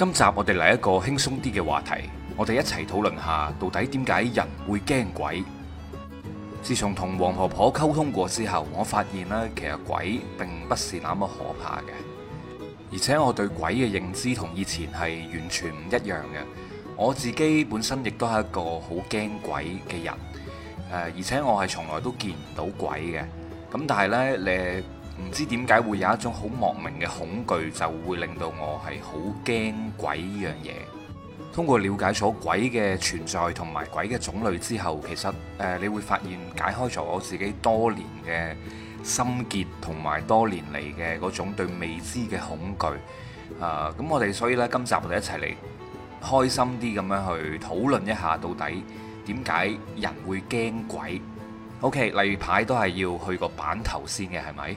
今集我哋嚟一個輕鬆啲嘅話題，我哋一齊討論下到底點解人會驚鬼。自從同黃婆婆溝通過之後，我發現呢，其實鬼並不是那麼可怕嘅，而且我對鬼嘅認知同以前係完全唔一樣嘅。我自己本身亦都係一個好驚鬼嘅人，誒，而且我係從來都見唔到鬼嘅。咁但係呢，你。唔知點解會有一種好莫名嘅恐懼，就會令到我係好驚鬼呢樣嘢。通過了解咗鬼嘅存在同埋鬼嘅種類之後，其實誒、呃，你會發現解開咗我自己多年嘅心結同埋多年嚟嘅嗰種對未知嘅恐懼。啊、呃，咁我哋所以呢，今集我哋一齊嚟開心啲咁樣去討論一下，到底點解人會驚鬼？OK，例牌都係要去個版頭先嘅，係咪？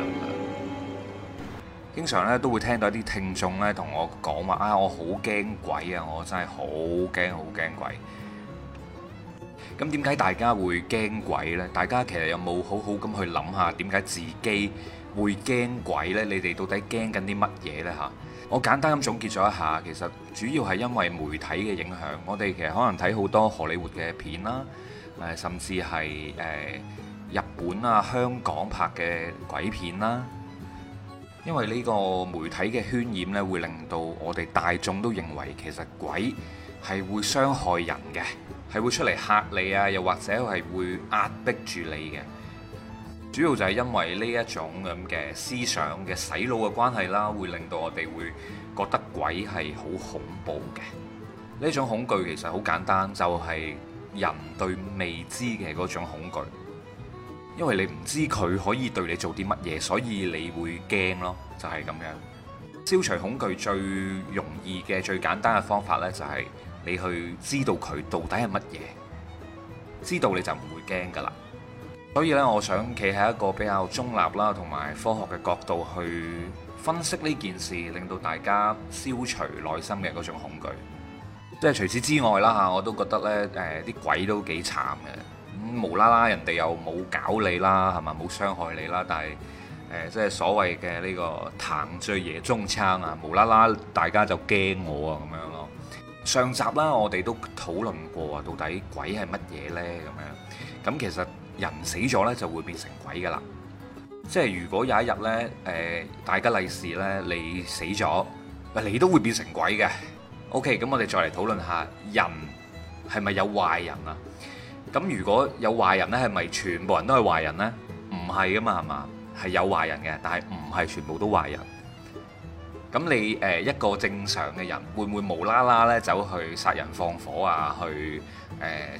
經常咧都會聽到一啲聽眾咧同我講話，啊，我好驚鬼啊！我真係好驚好驚鬼。咁點解大家會驚鬼呢？大家其實有冇好好咁去諗下點解自己會驚鬼呢？你哋到底驚緊啲乜嘢呢？嚇！我簡單咁總結咗一下，其實主要係因為媒體嘅影響。我哋其實可能睇好多荷里活嘅片啦，誒，甚至係誒、呃、日本啊、香港拍嘅鬼片啦。因為呢個媒體嘅渲染咧，會令到我哋大眾都認為其實鬼係會傷害人嘅，係會出嚟嚇你啊，又或者係會壓迫住你嘅。主要就係因為呢一種咁嘅思想嘅洗腦嘅關係啦，會令到我哋會覺得鬼係好恐怖嘅。呢種恐懼其實好簡單，就係人對未知嘅嗰種恐懼。因為你唔知佢可以對你做啲乜嘢，所以你會驚咯，就係咁樣。消除恐懼最容易嘅、最簡單嘅方法呢，就係你去知道佢到底係乜嘢，知道你就唔會驚噶啦。所以呢，我想企喺一個比較中立啦，同埋科學嘅角度去分析呢件事，令到大家消除內心嘅嗰種恐懼。即係除此之外啦嚇，我都覺得呢誒啲鬼都幾慘嘅。無啦啦，人哋又冇搞你啦，係咪？冇傷害你啦，但係誒、呃，即係所謂嘅呢個談醉夜中餐啊，無啦啦大家就驚我啊咁樣咯。上集啦，我哋都討論過啊，到底鬼係乜嘢呢？咁樣咁其實人死咗呢，就會變成鬼噶啦。即係如果有一日呢，誒、呃、大吉利是呢，你死咗，你都會變成鬼嘅。OK，咁我哋再嚟討論下人係咪有壞人啊？咁如果有壞人呢，係咪全部人都係壞人呢？唔係㗎嘛，係嘛？係有壞人嘅，但係唔係全部都壞人。咁你誒一個正常嘅人，會唔會無啦啦呢走去殺人放火啊？去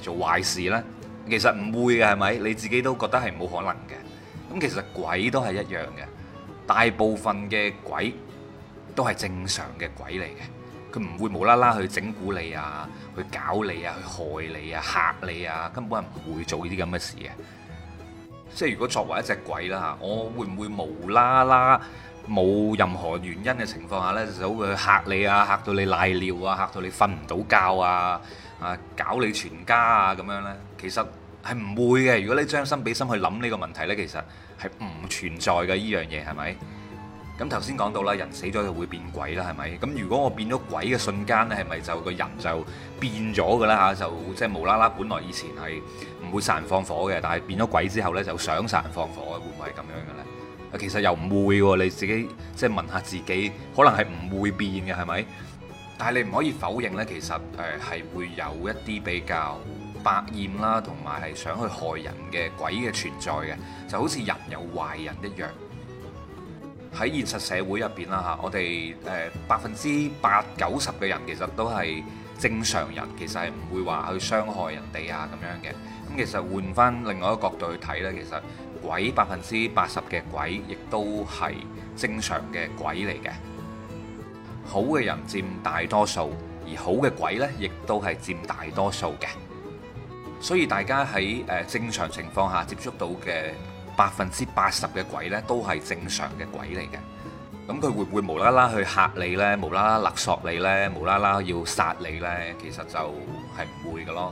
誒做壞事呢？其實唔會嘅，係咪？你自己都覺得係冇可能嘅。咁其實鬼都係一樣嘅，大部分嘅鬼都係正常嘅鬼嚟嘅。佢唔會無啦啦去整蠱你啊，去搞你啊，去害你啊，嚇你啊，根本係唔會做呢啲咁嘅事嘅。即係如果作為一隻鬼啦嚇，我會唔會無啦啦冇任何原因嘅情況下呢，就會去嚇你啊，嚇到你瀨尿啊，嚇到你瞓唔到覺啊，啊搞你全家啊咁樣呢？其實係唔會嘅。如果你將心比心去諗呢個問題呢，其實係唔存在嘅呢樣嘢，係咪？咁頭先講到啦，人死咗就會變鬼啦，係咪？咁如果我變咗鬼嘅瞬間呢，係咪就個人就變咗噶啦？就即係無啦啦，本來以前係唔會殺人放火嘅，但係變咗鬼之後呢，就想殺人放火，會唔會係咁樣嘅咧？其實又唔會喎，你自己即係問下自己，可能係唔會變嘅，係咪？但係你唔可以否認呢，其實誒係、呃、會有一啲比較百厭啦，同埋係想去害人嘅鬼嘅存在嘅，就好似人有壞人一樣。喺現實社會入邊啦嚇，我哋誒百分之八九十嘅人其實都係正常人，其實係唔會話去傷害人哋啊咁樣嘅。咁其實換翻另外一個角度去睇呢，其實鬼百分之八十嘅鬼亦都係正常嘅鬼嚟嘅。好嘅人佔大多數，而好嘅鬼呢，亦都係佔大多數嘅。所以大家喺誒正常情況下接觸到嘅。百分之八十嘅鬼呢都係正常嘅鬼嚟嘅，咁佢會唔會無啦啦去嚇你呢？無啦啦勒索你呢？無啦啦要殺你呢？其實就係唔會㗎囉。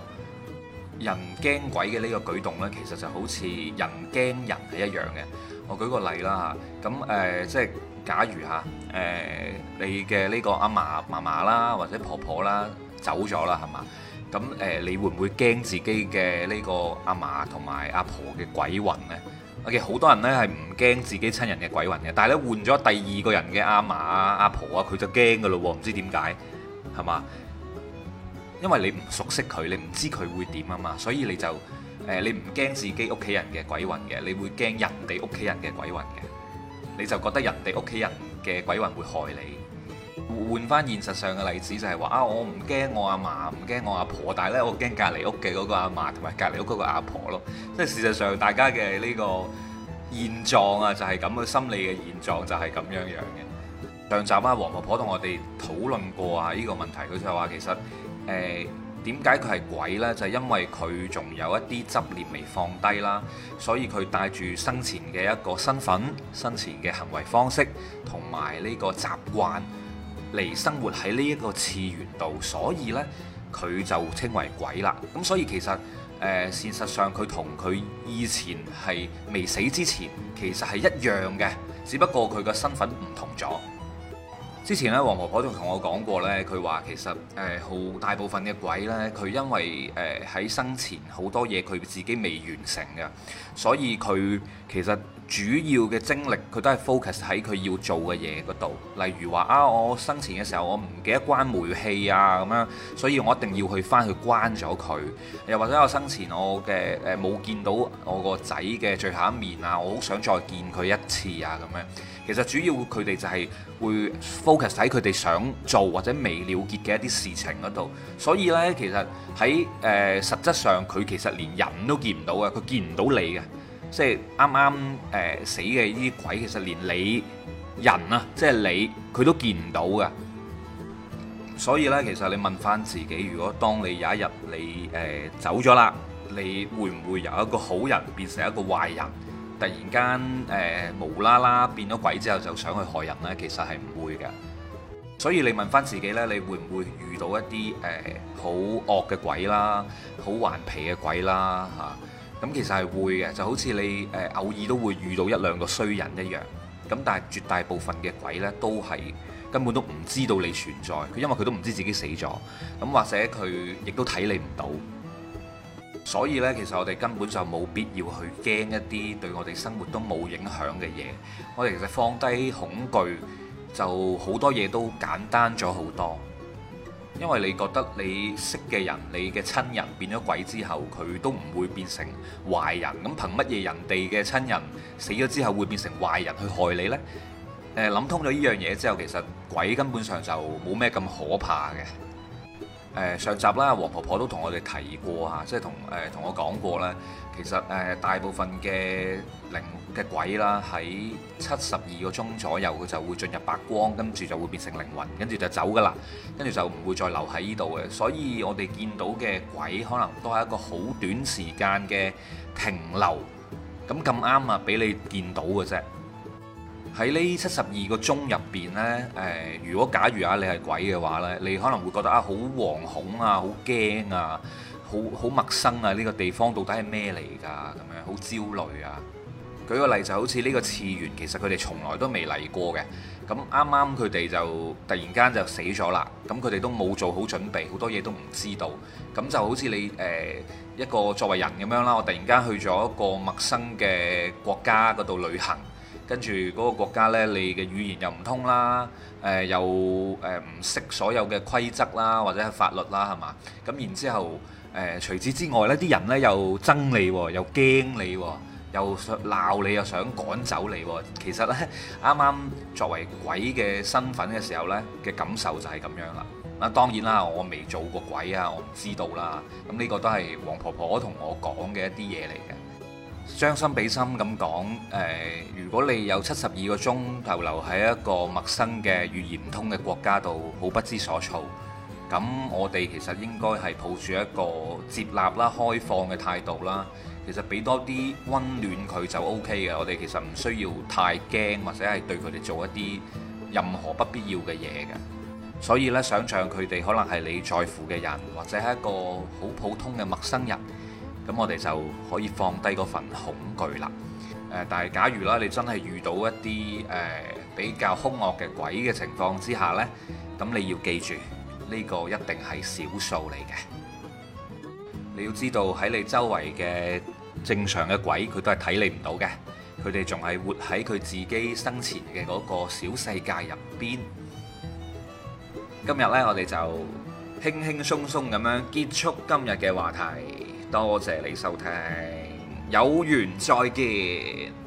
人驚鬼嘅呢個舉動呢，其實就好似人驚人係一樣嘅。我舉個例啦嚇，咁誒、呃、即係假如嚇誒、呃、你嘅呢個阿嫲嫲嫲啦或者婆婆啦走咗啦係嘛？咁誒、呃、你會唔會驚自己嘅呢個阿嫲同埋阿婆嘅鬼魂呢？我嘅，好多人咧，係唔驚自己親人嘅鬼魂嘅，但係咧換咗第二個人嘅阿嫲啊阿婆啊，佢就驚噶咯喎，唔知點解係嘛？因為你唔熟悉佢，你唔知佢會點啊嘛，所以你就誒、呃、你唔驚自己屋企人嘅鬼魂嘅，你會驚人哋屋企人嘅鬼魂嘅，你就覺得人哋屋企人嘅鬼魂會害你。換翻現實上嘅例子，就係話啊，我唔驚我阿嫲，唔驚我阿婆，但係呢，我驚隔離屋嘅嗰個阿嫲同埋隔離屋嗰個阿婆咯。即係事實上，大家嘅呢個現狀啊，就係咁嘅心理嘅現狀就，就係咁樣樣嘅。上集啊，黃婆婆同我哋討論過啊呢個問題，佢就話其實誒點解佢係鬼呢？就係因為佢仲有一啲執念未放低啦，所以佢帶住生前嘅一個身份、生前嘅行為方式同埋呢個習慣。嚟生活喺呢一個次元度，所以呢，佢就稱為鬼啦。咁所以其實誒，事實上佢同佢以前係未死之前其實係一樣嘅，只不過佢嘅身份唔同咗。之前呢，黃婆婆仲同我講過呢，佢話其實誒好大部分嘅鬼呢，佢因為誒喺生前好多嘢佢自己未完成嘅，所以佢其實，主要嘅精力佢都係 focus 喺佢要做嘅嘢嗰度，例如話啊，我生前嘅時候我唔記得關煤氣啊咁樣，所以我一定要去返去關咗佢。又或者我生前我嘅誒冇見到我個仔嘅最後一面啊，我好想再見佢一次啊咁樣。其實主要佢哋就係會 focus 喺佢哋想做或者未了結嘅一啲事情嗰度，所以呢，其實喺誒、呃、實質上佢其實連人都見唔到啊，佢見唔到你嘅。即係啱啱誒死嘅呢啲鬼，其實連你人啊，即係你佢都見唔到㗎。所以呢，其實你問翻自己，如果當你有一日你誒、呃、走咗啦，你會唔會由一個好人變成一個壞人，突然間誒無啦啦變咗鬼之後就想去害人呢？其實係唔會嘅。所以你問翻自己呢，你會唔會遇到一啲誒好惡嘅鬼啦，好頑皮嘅鬼啦嚇？啊。咁其實係會嘅，就好似你誒偶爾都會遇到一兩個衰人一樣。咁但係絕大部分嘅鬼呢，都係根本都唔知道你存在，佢因為佢都唔知自己死咗。咁或者佢亦都睇你唔到。所以呢，其實我哋根本就冇必要去驚一啲對我哋生活都冇影響嘅嘢。我哋其實放低恐懼，就好多嘢都簡單咗好多。因為你覺得你識嘅人、你嘅親人變咗鬼之後，佢都唔會變成壞人。咁憑乜嘢人哋嘅親人死咗之後會變成壞人去害你呢？誒、呃，諗通咗呢樣嘢之後，其實鬼根本上就冇咩咁可怕嘅。誒上集啦，黃婆婆都同我哋提過吓，即係同誒同我講過咧。其實誒大部分嘅靈嘅鬼啦，喺七十二個鐘左右，佢就會進入白光，跟住就會變成靈魂，跟住就走㗎啦，跟住就唔會再留喺呢度嘅。所以我哋見到嘅鬼，可能都係一個好短時間嘅停留。咁咁啱啊，俾你見到嘅啫。喺呢七十二個鐘入邊呢，誒，如果假如啊你係鬼嘅話呢，你可能會覺得啊好惶恐啊，好驚啊，好好陌生啊，呢、呢個地方到底係咩嚟㗎？咁樣好焦慮啊！舉個例就好似呢個次元，其實佢哋從來都未嚟過嘅，咁啱啱佢哋就突然間就死咗啦，咁佢哋都冇做好準備，好多嘢都唔知道，咁就好似你誒、呃、一個作為人咁樣啦，我突然間去咗一個陌生嘅國家嗰度旅行。跟住嗰個國家呢，你嘅語言又唔通啦，誒、呃、又誒唔識所有嘅規則啦，或者係法律啦，係嘛？咁然之後誒、呃，除此之外呢啲人呢，又憎你喎，又驚你喎，又想鬧你，又想趕走你喎。其實呢，啱啱作為鬼嘅身份嘅時候呢，嘅感受就係咁樣啦。嗱，當然啦，我未做過鬼啊，我唔知道啦。咁呢個都係黃婆婆同我講嘅一啲嘢嚟嘅。將心比心咁講，誒、呃，如果你有七十二個鐘逗留喺一個陌生嘅語言唔通嘅國家度，好不知所措，咁我哋其實應該係抱住一個接納啦、開放嘅態度啦。其實俾多啲溫暖佢就 OK 嘅，我哋其實唔需要太驚，或者係對佢哋做一啲任何不必要嘅嘢嘅。所以咧，想象佢哋可能係你在乎嘅人，或者係一個好普通嘅陌生人。咁我哋就可以放低嗰份恐懼啦。誒，但係假如啦，你真係遇到一啲誒、呃、比較凶惡嘅鬼嘅情況之下呢，咁你要記住，呢個一定係少數嚟嘅。你要知道喺你周圍嘅正常嘅鬼，佢都係睇你唔到嘅。佢哋仲係活喺佢自己生前嘅嗰個小世界入邊。今日呢，我哋就輕輕鬆鬆咁樣結束今日嘅話題。多謝你收聽，有緣再見。